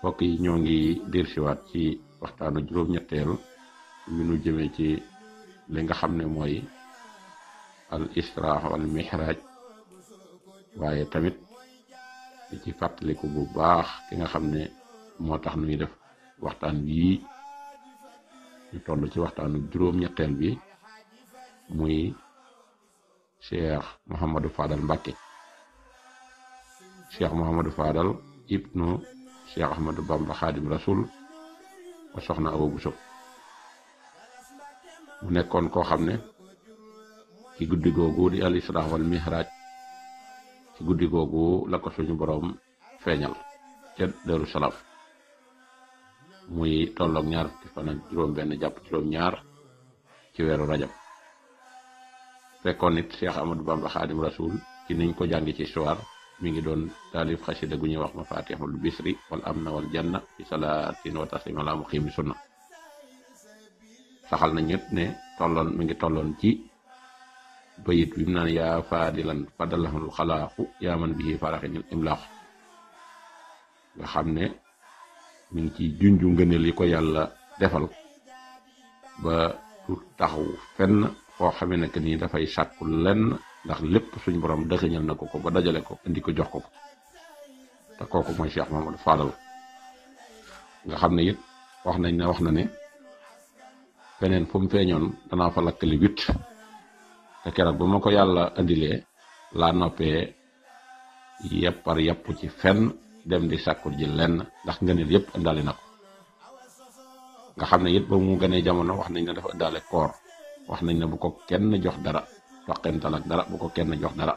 mbokk yi ñoo ngi dellusiwaat ci waxtaanu juróom-ñetteelu mi nu jëmee ci li nga xam ne mooy al isra wal mihraj waaye tamit di ci fàttaliku bu baax ki nga xam ne moo tax nuy def waxtaan bii ñu toll ci waxtaanu juróom-ñetteel bi muy cheikh Mouhamadou Fadal Mbacké cheikh Mouhamadou Fadal ibnu Cheikh Ahmadou Bamba Xaadim Rasul ba soxna Awa Bousso mu nekkoon koo xam ne ci guddi googu di al isra wal mihraj ci guddi googu la suñu boroom feeñal ca Daru muy tolloog ñaar fukki fan juróom-benn jàpp juróom-ñaar ci weeru rajab fekkoon nit Cheikh Ahmadou Bamba Xaadim Rasul ci niñ ko jàngi ci histoire. mi ngi doon taalif xasida gu ñuy wax ma fatihul bisri wal amna wal janna bi salaatin wa taslima la muqimi sunna saxal na ñett ne mi ngi tolloon ci bayit bi mu naan yaa faadilan fadalahul xalaaxu yaa man bihi faraxinil imlaaxu nga xam ne mi ngi ci junju ngëneel yi ko yàlla defal ba du taxaw fenn foo xamee ne que dafay sàkku lenn ndax lépp suñ borom deseñal na ko ko ba dajale ko indi ko jox ko ko te kooku mooy ma Mamadou Fadal nga xam ne yit wax nañ ne wax na ne feneen fu mu feeñoon danaa fa lakkali huit te keroog ba ma ko yàlla indilee laa noppee yeppar yepp ci fenn dem di sàkku ji lenn ndax ngëneel yëpp indaale na ko nga xam ne yit ba mu gënee jamono wax nañ ne dafa indaale koor wax nañ ne bu ko kenn jox dara taqental ak dara bu ko kenn jox dara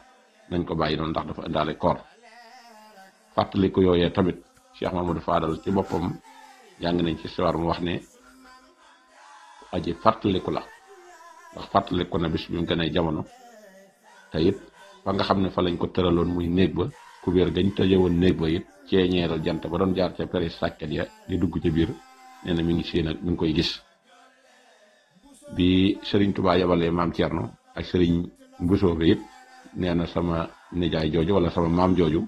nañ ko bàyyi noonu ndax dafa indaale koor fàttaliku yooyee tamit Cheikh Mamadou Fadal ci boppam jàng nañ ci siwaar mu wax ne aji fàttaliku la ndax fàttaliku na bis bi mu gën a jamono te it nga xam ne fa lañ ko tëraloon muy néeg ba kubéer gañ tëjewoon néeg ba it ceeñeeru jant ba doon jaar ca peri sàkket ya di dugg ci biir nee na mi ngi séen ak ngi koy gis bi Serigne Touba yabalee maam Thierno. ak sëriñ Bousso bi it nee na sama nijaay jooju wala sama maam jooju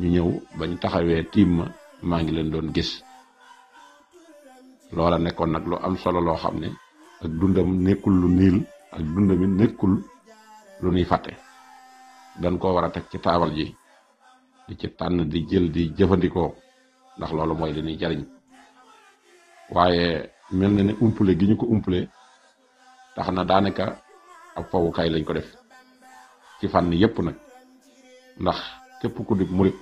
ñu ñëw ba taxawee tiim ma maa ngi leen doon gis loola nekkoon nag lu am solo loo xam ne ak dundam nekkul lu niil ak dundam it nekkul lu nuy fàtte dañ ko war a teg ci taabal ji di ci tànn di jël di jëfandikoo ndax loolu mooy li ñuy jariñ waaye mel na ne umpule gi ñu ko umpule tax na daanaka ab fawukaay lañ ko def ci fànn yépp nag ndax képp ku di murit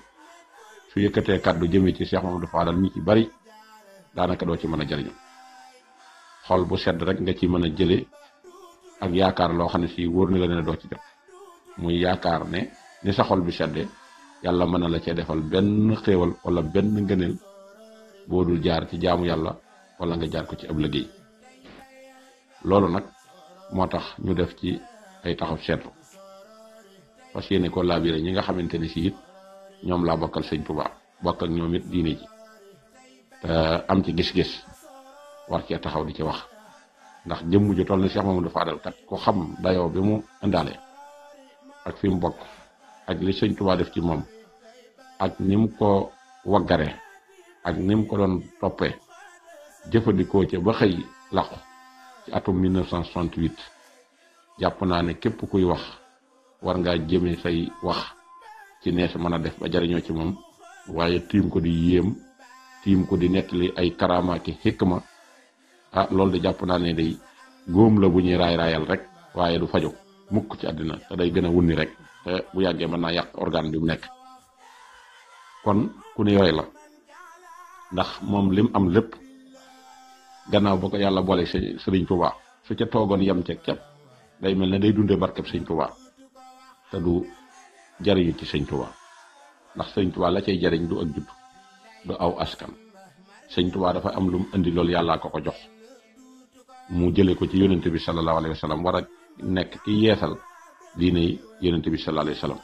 su yëkkatee kàddu jëmee ci Cheikh Mamadou Fadal mi ci bari daanaka doo ci mën a jariñu xol bu sedd rek nga ci mën a jële ak yaakaar loo xam ne si wóor ni la ne doo ci def muy yaakaar ne ni sa xol bi sedde yàlla mën na la cee defal benn xéewal wala benn ngëneel boo dul jaar ci jaamu yàlla wala nga jaar ko ci ab liggéey loolu nag moo tax ñu def ci ay taxaw seetlu fas yéene ko laabire ñi nga xamante ne si it ñoom laa bokkal sëñ Tuubaa bokk ak it diine ji te am ci gis-gis war cee taxaw di ci wax ndax jëmm ju toll na Cheikh Mamadou Fadal kat ku xam dayoo bi mu indaale ak fi mu bokk ak li sëñ Tuubaa def ci moom ak ni mu ko waggare ak ni ko doon toppee jëfandikoo ca ba xëy làqu ci atum 1968 jàpp naa ne képp kuy wax war ngaa jëme say wax ci nees mën a def ba jariñoo ci moom waaye tiim ko di yéem tiim ko di nettali ay karaamaaki xikma a ah, loolu de jàpp naa ne day góom la bu ñuy raay raayal rek waaye du fajo mukk ci àddina te day gën a wunni rek bu yàggee mën naa yàq organe bi mu nekk kon ku ne yooy la ndax moom lim am lépp gannaaw ba ko yàlla boole sëriñ Tuubaa su ca toogoon yem ca képp day mel ne day dundee barkeb sëñ Tuubaa te du jariñu ci sëñ Tuubaa ndax sëñ Tuubaa la cay jariñ du ak judd du aw askan sëñ Tuubaa dafa am lu mu indi lool yàllaa ko ko jox mu jële ko ci yonent bi sallallahu alayhi wa sallam war a nekk ki yeesal diine yonent bi sallallahu alayhi wa sallam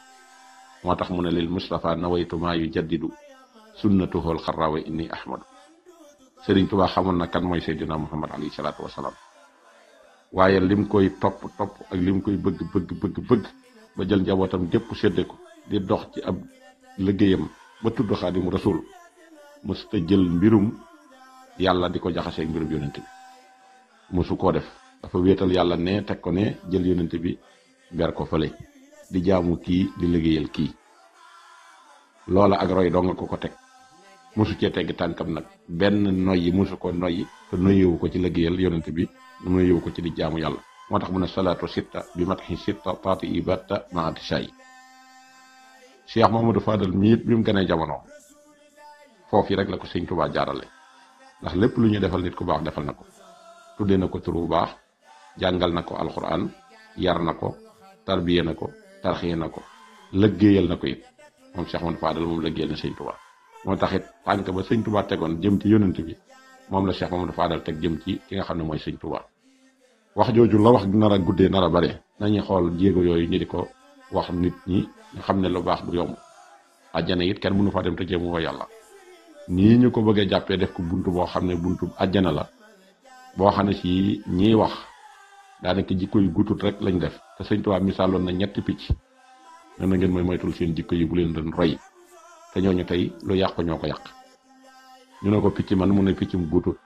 moo tax mu ne lil Mustafa nawaytu maa yu jaddidu sunnatuhu alxarra wa inni ahmadu Sëriñ Tuubaa xamoon na kan mooy Seydina Muhammad alayhi salaatu wasalaam waaye lim koy topp topp ak lim koy bëgg bëgg bëgg bëgg ba jël njabootam gépp sédde ko di dox ci ab liggéeyam ba tudd xaadimu rasul mësuta jël mbirum yàlla di ko jaxaseeg mbirum yonent bi mësu koo def dafa wéetal yàlla ne teg ko ne jël yonent bi ber ko fële di jaamu kii di liggéeyal kii loola ak roy doo nga ko ko teg mosu cee tegg tànkam nag benn noyyi mosu koo noyyi te noyyiwu ko ci liggéeyal yonent bi noyyiwu ko ci di jaamu yàlla moo tax mu ne salaatu sitta bi matxi sitta taati ibatta maati say Cheikh Mamadou Fadal mii bi mu gënee jamono foof yi rek la ko sëñ Tuubaa jaarale ndax lépp lu ñu defal nit ku baax defal na ko tuddee na ko tur bu baax jàngal na ko alxuraan yar na ko tarbiye na ko tarxiyee na ko lëggéeyal na ko it moom Cheikh Mamadou Fadal moom lëggéeyal na sëñ moo tax it tànk ba sëñ Touba tegoon jëm ci yonent bi moom la Cheikh Mamadou Fadal teg jëm ci ki nga xam ne mooy sëñ Touba wax jooju la wax nar a guddee nar a bare nañu xool jéego yooyu ñu di ko wax nit ñi ñu xam ne lu baax du yomb àjjana it kenn nu fa dem te jéemu woo yàlla nii ñu ko bëggee jàppee def ko buntu boo xam ne buntu àjjana la boo xam ne si ñiy wax daanaka jikko yi gutut rek lañu def te sëñ Touba misaaloon na ñetti picc nee na ngeen mooy seen jikko yi bu leen doon roy te ñooñu tey lu yàq ko ñoo ko yàq ñu ne ko picc man mu ne piccum guutut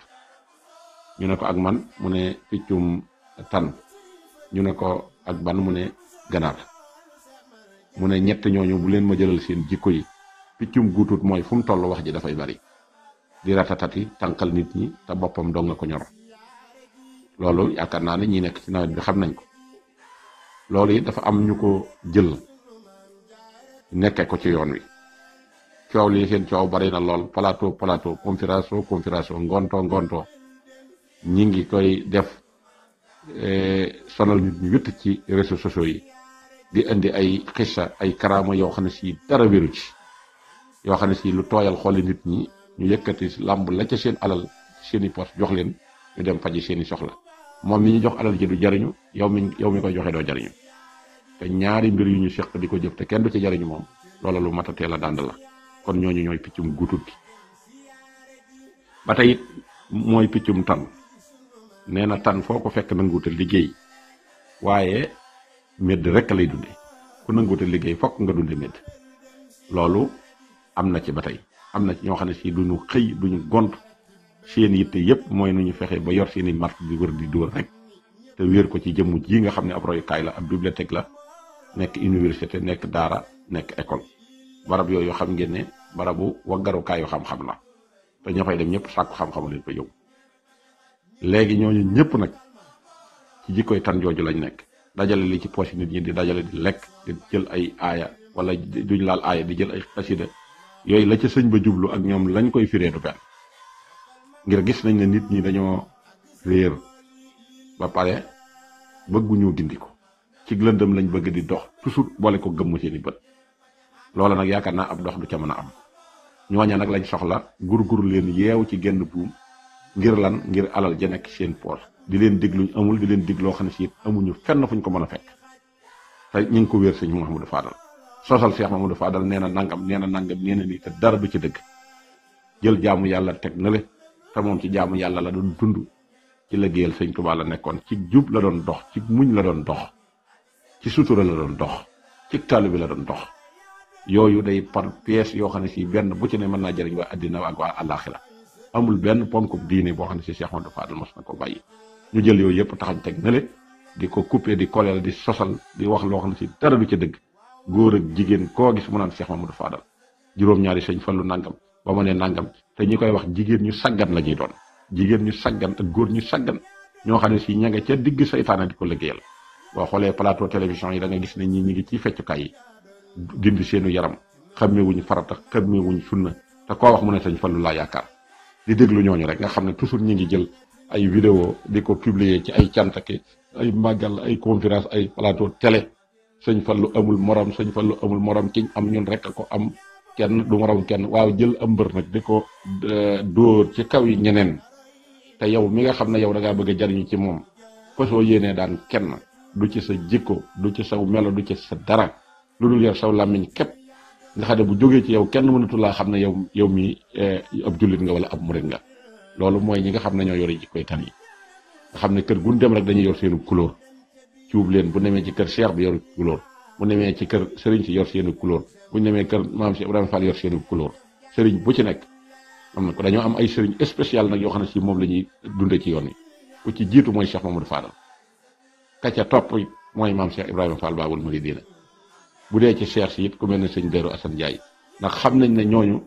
ñu ne ko ak man mu ne piccum tan ñu ne ko ak ban mu ne ganaar mu ne ñett ñooñu bu leen ma jëlal seen jikko yi piccum guutut mooy fu mu toll wax ji dafay bari di ratatati tànkal nit ñi te boppam dong nga ko ñor loolu yaakaar naa ne ñi nekk ci nawet bi xam nañ ko loolu it dafa am ñu ko jël nekkee ko ci yoon wi coow lii seen coow bari na lool plateau plateau conférence conférence ngonto ngonto ñi ngi koy def eh, sonal nit ñu yutt ci réseaux sociaux yi di indi ay xissa ay karaama yoo xam ne si dara wéru ci yoo xam ne si lu tooyal xooli nit ñi ñu yëkkati lamb la ca seen alal seen i pos jox leen ñu dem faji seen i soxla moom mi ñu jox alal ji du jariñu yow mi yow mi koy joxee doo jariñu te ñaari mbir yu ñu seq di ko jëf te kenn du ci jariñu moom loola lu mat a teel a dànd la kon ñooñu ñooy piccum gutut gi ba tey it mooy piccum tan nee na tan foo ko fekk nanguwutal liggéey waaye medd rek lay dunde ku nanguwutal liggéey fokk nga dunde medd loolu am na ci ba tey am na ci ñoo xam ne si duñu xëy duñu gont seen yitte yépp mooy nu ñu fexe ba yor seeni mart di wër di dóor rek te wéer ko ci jëmm ji nga xam ne ab royukaay la ak bibliothèque la nekk université nekk daara nekk école barab yooyu xam ngeen barabu waggarukaayu xam-xam la te ñoo fay dem ñëpp sàkku xam-xam lañ fa yóbbu léegi ñooñu ñëpp nag ci jikkoy tan jooju lañ nekk dajale li ci poche nit ñi di dajale di lekk di jël ay aaya wala duñ laal aaya di jël ay xasida yooyu la ci sëñ ba jublu ak ñoom lañ koy firee du benn ngir gis nañ ne nit ñi dañoo réer ba pare bëgguñu gindi ko ci lëndëm lañ bëgg di dox toujours boole ko gëmmu seeni bët loola nag yaakaar naa ab dox du ca mën a am ñooña nag lañ soxla gurgur leen yeew ci genn buum ngir lan ngir alal ja nekk seen poos di leen digluñ amul di leen digloo xam ne si amuñu fenn fuñ ko mën a fekk te ñu ngi ko wér sëñ Mouhamadou Fadal sosal Cheikh Mamadou faadal nee na nangam nee na nangam nee na nii te dara du ci dëgg jël jaamu yàlla teg na te moom ci jaamu yàlla la doon dund ci liggéeyal sëñ tubaal la nekkoon ci jub la doon dox ci muñ la doon dox ci sutura la doon dox ci bi la doon dox yooyu day par pièce yoo xam ne si benn bu ci ne mën naa jëriñ waa addina ak waa àllaaxira amul benn ponk diine boo xam ne si Cheikh Ahmadou Fadal mos na ko bàyyi ñu jël yooyu yëpp taxañ teg nale di ko couper di koleel di sosal di wax loo xam ne si dara du ca dëgg góor ak jigéen koo gis mu naan Cheikh du Fadal juróom-ñaari sëñ Fallu nangam ba ma ne nangam te ñi koy wax jigéen ñu saggan la ñuy doon jigéen ñu saggan ak góor ñu saggan ñoo xam ne si ña nga ca digg saytaane di ko liggéeyal boo xoolee plateau télévision yi da gis ne ñi ñi ngi ci feccukaay yi dindi seenu yaram xam xameewuñu farata wuñ sunna te koo wax mu ne sañ fallu laa yaakaar di déglu ñooñu rek nga xam ne toujours ñu ngi jël ay vidéo di ko publier ci ay cantake ay màggal ay conférence ay plateau télé sëñ fallu amul morom sëñ fallu amul morom kiñ am ñun rek a ko am kenn du morom kenn waaw jël am mbër nag di ko e, dóor ci kaw yi ñeneen te yow mi nga xam ne yow da ngaa bëgg jariñu ci moom fasoo yéenee daan kenn du ci sa jikko du ci saw melo du ci sa dara lu dul yow saw làmmiñ képp nga xam ne bu jógee ci yow kenn mënatu laa xam ne yow yow mii eh, ab jullit nga wala ab murit nga loolu mooy ñi nga xam ne ñoo yore jikkoy tan yi nga xam ne kër gun dem rek dañuy yor seenu couleur cuub leen bu nemee ci kër Cheikh bi yor couleur bu nemee ci kër Serigne si yor seenu couleur bu nemee kër maam si Ibrahima seenu couleur Serigne bu ci nekk am na ko dañoo am ay Serigne spécial nag yoo xam ne si moom la ñuy dunde ci yoon yi ku ci jiitu mooy Cheikh Mamadou Fadal ka ca topp mooy maam Cheikh Ibrahima Fall Baabul Muridiina bu dee ci cheikh si it ku mel ne sëñ Dero Assane ndax xam nañ ne ñooñu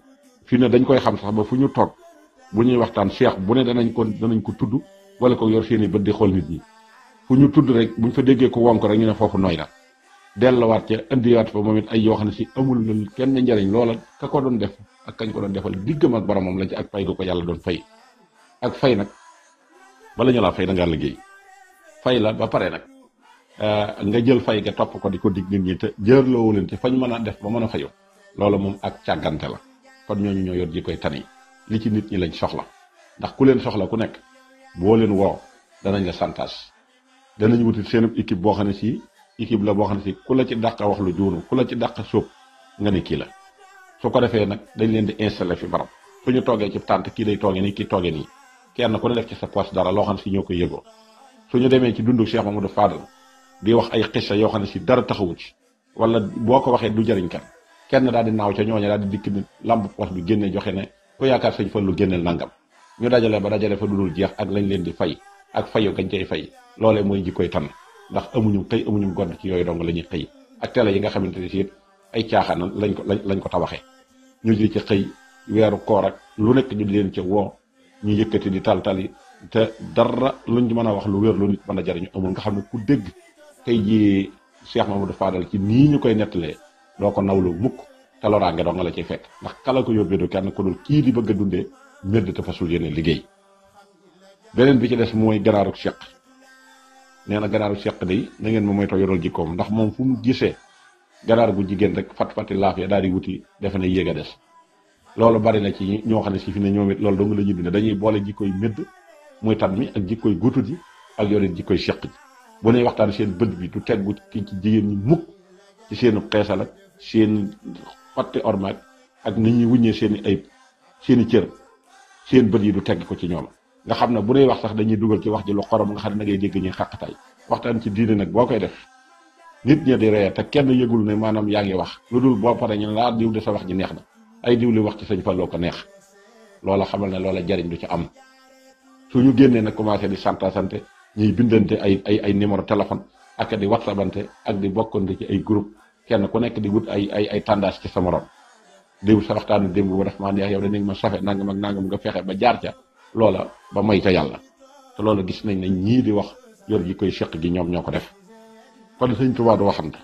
fii ne dañ koy xam sax ba fu ñu toog bu ñuy waxtaan cheikh bu ne danañ ko danañ ko tudd wala ko yor seeni bët di xool nit ñi fu ñu tudd rek buñ fa déggee ko wonk rek ñu ne foofu nooy na delluwaat ca indiwaat fa moom it ay yoo xam ne si amul na kenn njariñ loola ka ko doon def ak kañ ko doon defal diggam ak moom la ci ak fay gu ko yàlla doon fay ak fay nag bala ñu laa fay da ngaa liggéey fay la ba pare nag Euh, nga jël fay ga topp ko di ko dig nit ñi te jërloowu leen ci fañ mën a def ba mën a fayu loolu moom ak càggante la kon ñooñu ñoo yor ji koy yi li ci nit ñi lañ soxla ndax ku leen soxla ku nekk boo leen woo danañ la santage danañ wuti seen équipe boo xam ne si équipe la boo xam ne si ku la ci dàq wax lu juunu ku la ci dàq sóob nga ne kii la su ko defee nag dañ leen di installé fi barab fu ñu toogee ci tànt kii day toogee nii kii toogee nii kenn ku ne def ci sa poche dara loo xam ne si ñoo koy yëgoo su ñu demee ci dundu Cheikh Mamadou Fadal di wax ay xisa yoo xam ne si dara taxawu ci wala boo ko waxee du jëriñ kan kenn daal di naaw ca ñooñu daal di dikk ni lamb poos bi génne joxe ne ku yaakaar sëñ Fallu génneel nangam ñu dajale ba dajale fa dul jeex ak lañ leen di fay ak fayu gañ cay fay loolee mooy jikkoy tànn ndax amuñu xëy amuñu godd ci yooyu dong la ñuy xëy ak tele yi nga xamante ne si ay caaxaan lañ ko lañ ko tabaxee ñu ji ci xëy weeru koor ak lu nekk ñu di leen ca woo ñu yëkkati di tal tali te dara luñ mën a wax lu wér lu nit mën a jariñu amul nga xam ne ku dégg tey jii Cheikh Mamadou Fadal ci nii ñu koy nettalee doo ko nawlu mukk te loraange doo nga la ciy fekk ndax kala ko yóbbee du kenn ko dul kii di bëgg a dundee mbedd te fasul yeneen liggéey beneen bi ci des mooy ganaaru seq nee na ganaaru Cheikh day na ngeen ma moytoo yoral jikkoom ndax moom fu mu gisee ganaar gu jigéen rek fat fati laaf ya daal di wuti defe ne yéeg a des loolu bari na ci ñoo xam ne si fi ne ñoom it loolu dong la ñuy dund dañuy boole jikkoy médd muy tat mi ak jikkoy gutut yi ak yore jikkoy Cheikh ji bu ñuy waxtaan seen bët bi du teggu ci jigéen ñi mukk ci seenu xeesal ak seen xotti ormag ak ni ñuy wuññee seen i ayib seen i cër seen bët yi du tegg ko ci ñoom nga xam ne bu ñuy wax sax dañuy dugal ci wax ji lu xorom nga xam ne da ngay dégg ñuy xàqtay waxtaan ci diine nag boo koy def nit ña di ree te kenn yëgul ne maanaam yaa ngi wax lu dul boo paree ñu laa diw de sa wax ji neex na ay diw li wax ci sëñ Fallou ko neex loola xamal ne loola jariñ du ci am ñu génnee nag commencé di santa santé ñuy bindante ay ay ay numéro téléphone ak di whatsappante ak di bokkante ci ay groupe kenn ku nekk di wut ay ay ay tendance ci sa morom déw sa waxtaanu démb ba def maa neex yow ma safe nangam ak nangam nga fexe ba jaar ca loola ba may ca yàlla te loola gis nañ ne ñii di wax yor gi koy seq gi ñoom ñoo ko def kon sëñ Tuubaa du waxante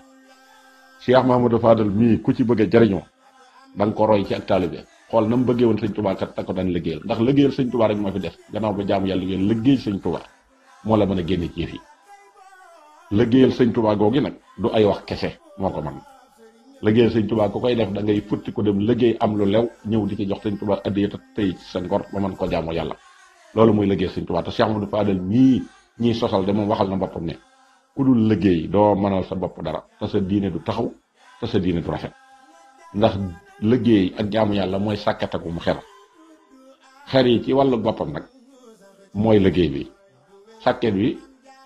Cheikh Mahamadou Fadal mii ku ci bëgg a jariñoo da ko roy ci ak taalibe xool na mu bëggee woon sëñ Tuubaa kat da ko daan liggéeyal ndax liggéeyal moo fi def gannaaw ba jaamu yàlla liggéeyal liggéey sëñ Tuubaa moo la mën a génne ci yi liggéeyal sëñ Tuubaa googi nag du ay wax kese moo ko man liggéeyal sëñ tubaa ku koy def da ngay futti ko dem liggéey am lu lew ñëw di ci jox sañ tubaa addiya te tey sa ngor ba mën ko jaamu yàlla loolu mooy liggéeyal sëñ Tuubaa te Cheikh Amadou Fadal ñii ñii waxal na boppam ne ku dul liggéey doo mënal sa bopp dara te sa diine du taxaw te sa diine du rafet ndax liggéey ak jaamu yàlla mooy mu xer xer yi ci wàllu boppam nag mooy liggéey bi sàkket bi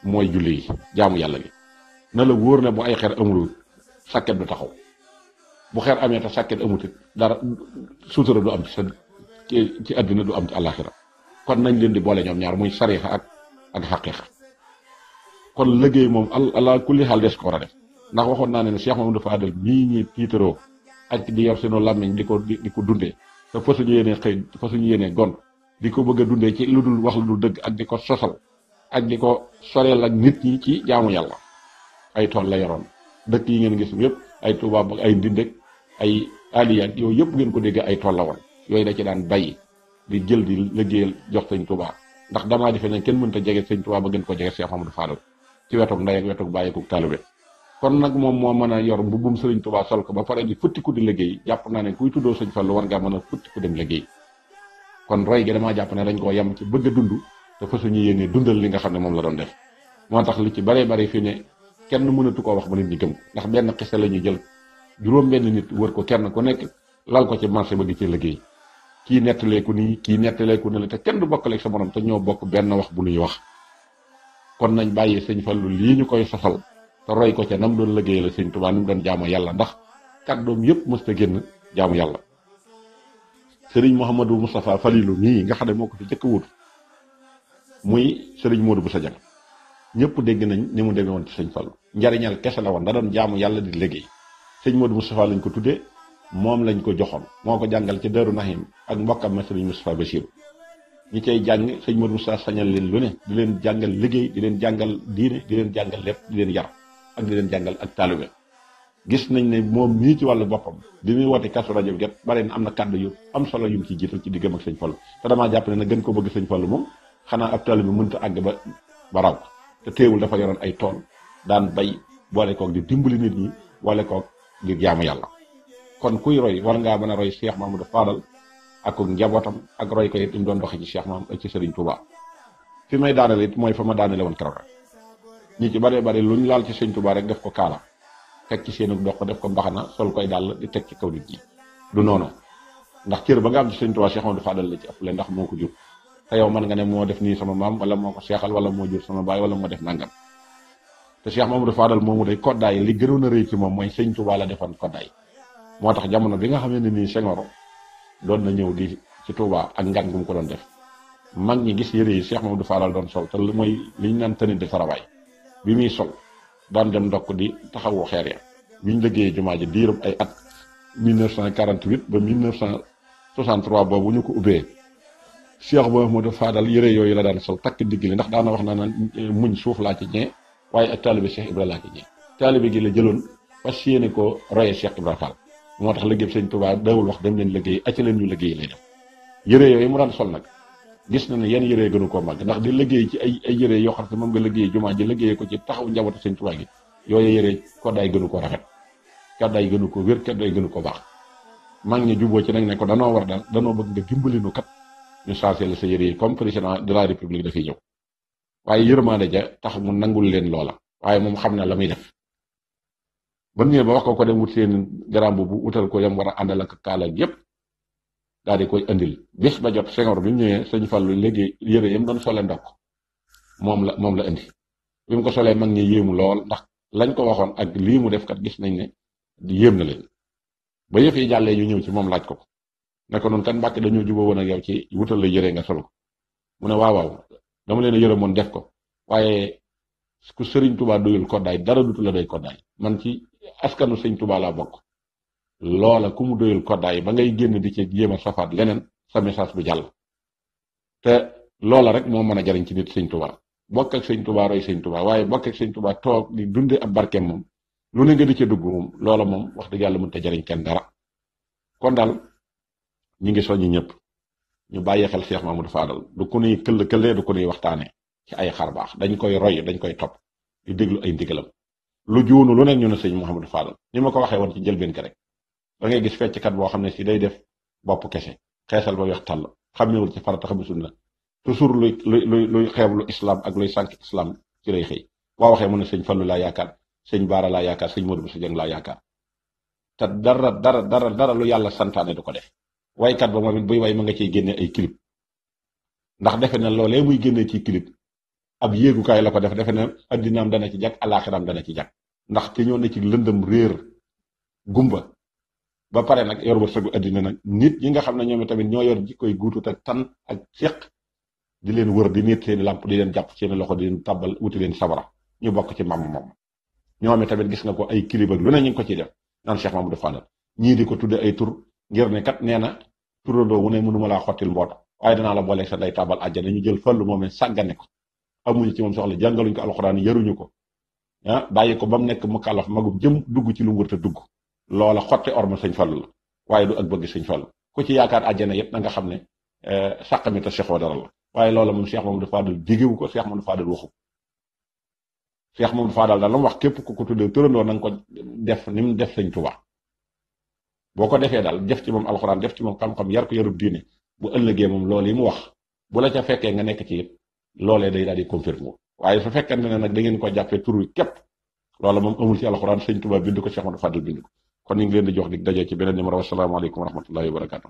mooy julli yi jaamu yàlla gi na la wóor ne bu ay xeer amul sàkket du taxaw bu xeer amee te sàkket amut it dara sutura du am ci ci àddina du am ci àllaaxira kon nañ leen di boole ñoom ñaar muy sariixa ak ak xaqiiqa kon liggéey moom ala kulli xaal des ko war ndax waxoon naa ne ne Cheikh Mamadou Fadel mii ñi tiitaroo ak di yor seenu làmmiñ di ko di ko dundee te fasuñu yéenee xëy su ñu yéenee gon di ko bëgg dundee ci lu dul wax lu dul dëgg ak di ko sosal ak di ko soreel ak nit ñi ci jaamu yàlla ay tool la yoroon dëkk yi ngeen gis yëpp ay tubaab ba ay didek ay aliyaat yooyu yëpp ngeen ko déggee ay tool la woon yooyu da ci daan bay di jël di liggéeyal jox sëñ Tuubaa ndax damaa defe ne kenn mënta jege sëñ Tuubaa ba gën ko jege Cheikh Amadou Fadal ci wetoog ndey ak wetoog bàyyi ko taalibe kon nag moom moo mën a yor mbubbum sëriñ Tuubaa sol ko ba pare di futti ku di liggéey jàpp naa ne kuy tuddoo sëñ Fallu war ngaa a futti ku dem liggéey kon roy gi damaa jàpp ne dañ koo yem ci bëgg a te fa suñu yéene dundal li nga xam ne moom la doon def moo tax lu ci baree bari fi ne kenn mënatu koo wax ba nit ñi gëm ndax benn xisa la ñu jël juróom benn nit wër ko kenn ku nekk lal ko ci marché ba di ci liggéey kii nettaleeku nii kii nettaleeku ne la te kenn du bokkaleeg sa morom te ñoo bokk benn wax bu nuy wax kon nañ bàyyi sëñ lu lii ñu koy sosal te roy ko ca nam doon liggéey la sëñ Tuubaa ni mu doon jaamu yàlla ndax doom yëpp mës ta génn jaamu yàlla sëriñ Mouhamadou Moustapha Falilou mii nga xam ne moo fi jëkk wut muy sëriñ Modou Bousso Dieng ñëpp dégg nañ ni mu demee woon ci sëñ Fallu njariñal kese la woon da doon jaamu yàlla di léegi sëñ Modou Moustapha lañ ko tuddee moom lañ ko joxoon moo ko jàngal ci Daaru Nahim ak mbokkam ma sëriñ Moustapha Bassirou ñi cay jàng sëñ Modou Moustapha sañal leen lu ne di leen jàngal liggéey di leen jàngal diine di leen jàngal lépp di leen yar ak di leen jàngal ak taalibe gis nañ ne moom nii ci wàllu boppam bi muy woote Kazu Rajab get bare na am na kàddu yu am solo yu mu ci jiital ci diggam ak sëñ Fallu te damaa jàpp ne na gën ko bëgg sëñ Fallu moom xanaa ab taalibe bi mënta àgg ba ba raw te téewul dafa yoroon ay tool daan bay boole koog di dimbali nit ñi boole koog ngir jaamu yàlla kon kuy roy war ngaa mën a roy Cheikh Mamadou Fadal ak njabootam ak roy ko it mu doon doxee ci Cheikh Maam ak ci Serigne Touba fi may daaneel it mooy fa ma daanele woon keroog rek ñi ci bare bare ñu laal ci Sëñ Touba rek def ko kaala teg ci seenu dox def ko mbaxana sol koy daal di teg ci kaw nit ñi du noonu ndax cër ba nga am ci Sëñ Touba Cheikh Mamadou Fadal la ci ndax moo ko jur te yow mën nga ne moo def nii sama maam wala moo ko seexal wala moo jur sama baay wala moo def nangam te Cheikh Mamadou Fadal moomu day koddaay li gënoon a rëy ci moom mooy sëñ Tuubaa la defoon koddaay moo tax jamono bi nga xam ne nii Senghor doon na ñëw di ci Touba ak ngan gu mu ko doon def mag ñi gis yëre yi Cheikh du Fadal doon sol te mooy li ñu naan tenue de travail bi muy sol daan dem ndokk di taxawu xeer ya bi ñu liggéeyee jumaa ji diirub ay at 1948 ba 1963 boobu ñu ko ubbee. Cheikh Mouhamadou Fadal yëre yooyu la daan sol takk digg li ndax daana wax naa naan muñ suuf laa ci ñee waaye ak taalibe Cheikh Ibra laa ci ñee taalibe gi la jëloon fas yéene ko roye Cheikh Ibra Fall moo tax liggéey Sëñ Tuubaa dawul wax dem leen liggéey acca leen ñu liggéey lay def yëre yooyu mu daan sol nag gis na ne yenn yëree gënu koo màgg ndax di liggéey ci ay ay yëree yoo xam ne moom nga liggéey jumaa ji liggéey ko ci taxaw njabootu Sëñ Tuubaa gi yooyu yëree koddaay gënu ko rafet koddaay gënu ko wér koddaay gënu ko baax maa ngi ñu ci nag ne ko danoo war daal danoo bëgg nga dimbali nu kat ñu changé la sa yére yi comme président de la république dafay ñëw waaye yërmaande ja tax mu nangul leen loola waaye moom xam na la muy def ba ñëwee ba wax ko ko dem wut seen garam bu wutal ko yam war a àndal ak yépp daal di koy indil bés ba jot Senghor bi mu ñëwee sëñ Fallu léegi yére yam doon sole ndokk moom la moom la indi bi mu ko solee mag ñi yéemu lool ndax lañ ko waxoon ak lii mu def kat gis nañ ne yéem na leen ba yëf yi jàllee ñu ñëw ci moom laaj ko ko na ko noonu kan mbàkke dañoo jubóo woon a yow ci wutal la yëre nga sol mu ne waaw waaw dama leen a yëre moon def ko waaye ku Serigne Touba doyul koddaay dara dutu la doy koddaay man ci askanu sëñ Touba laa bokk loola ku mu doyul koddaay ba ngay génn di ci jéem a safaat leneen sa message bu jàll te loola rek moo mën a jariñ ci nit sëñ Touba bokk ak sëñ Touba roy sëñ Touba waaye bokk ak sëñ Touba toog dunde ab barkeem moom lu ne nga di ca dugg moom loola moom wax dëgg yàlla mënut a kenn dara ñi ngi soññi ñëpp ñu bàyyee xel Cheikh Mamadou Fadal du ku nuy këll këllee du ku nuy waxtaanee ci ay xar baax dañ koy roy dañ koy topp di déglu ay ndigalam lu juunu lu ne ñu ne sëñ Mouhamadou Fadal ni ma ko waxee woon ci njëlbeen ki rek da ngay gis fecckat boo xam ne si day def bopp kese xeesal ba weex tàll xamewul ci farata xame sunna toujours luy luy luy xeeblu islaam ak luy sànq islam ci lay xëy boo waxee mu ne sëñ Fallu laa yaakaar sëñ Baara laa yaakaar sëñ Modou Bousso Dieng laa yaakaar te dara dara dara dara lu yàlla santaane du ko def waykat ba moom it way ma nga ciy génne ay clip ndax defe na loole muy génne ci clip ab yéegukaay la ko def defe na addinaam dana ci jag alaaxiraam dana ci jag ndax ki ñoo ne ci lëndëm réer gumba ba pare nag yor wërsëgu addina nag nit ñi nga xam ne ñoom tamit ñoo yor jikkoy guutut ak tan ak ceq di leen wër di nit seeni làmp di leen jàpp seeni loxo di tàbbal wuti leen sabara ñu bokk ci mam moom ñoom tamit gis nga ko ay kiliba lu ne ñu ko ci def ñii di ko tudde ay tur ngir ne kat nee na turandoo wu ne mënuma laa xottil mboota waaye danaa la booleeg sa day tabal àjjana ñu jël fàllu moomee saggane ko amuñu ci moom soxla jàngaluñ ko alxuraan yaruñu ko ah bàyyi ko ba mu nekk mu kàllaf magum jëm dugg ci lu wërta dugg loola xotte orma sañ fàllu la waaye du ak bëgg sëñ fàllu ku ci yaakaar àjjana yëpp na nga xam ne eh, sàq mi ta seexoo dara la waaye loola moom Cheikh Mamadou Fadal digewu ko Cheikh Mamadou Fadal waxu Cheikh Mamadou Fadal daal la mu wax képp ku ko tuddee turandoo na ko def ni mu def sëñ Tuubaa boo ko defee daal def ci moom alxuraan def ci moom xam-xam yar ko yarub diine bu ëllëgee moom lool yi mu wax bu la ca fekkee nga nekk ci it loolee day daal di confirmer waaye su fekkente ne nag da ngeen ko jàppee tur wi képp loola moom amul ci alxuraan sëñ Tuubaa bind ko Cheikh Ahmadou Fadal bind ko kon ñu ngi leen di jox dig daje ci beneen numéro wasalaamaaleykum wa rahmatullahi wa barakatu